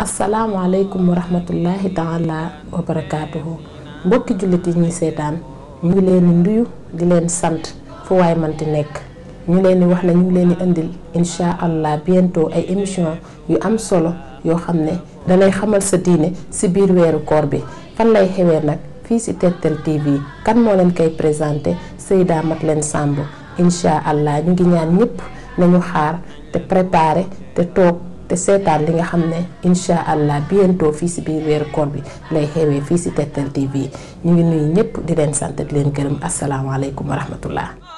asalaamaaleykum wa rahmatullahi taala wa barakaatuhu mbokki jullit yi ñuy seetaan ñu ngi leen nduyu di leen sant fu waay mënti nekk ñu leen wax ne ñu leen di indil incha allah bientôt ay émission yu am solo yoo xam ne dalay xamal sa diine si biir weeru koor bi kan lay xewee nag fii si Tektal TV kan moo leen koy présenté Seyda leen Samb incha allah ñu ngi ñaan ñëpp nañu xaar te préparé te toog. te seetaan li nga xam ne incha allah bientôt fii si biir weeru koor bi lay xewee fii si Tektal TV ñu ngi nuyu ñëpp di leen sant di leen gërëm asalaamaaleykum wa rahmatullah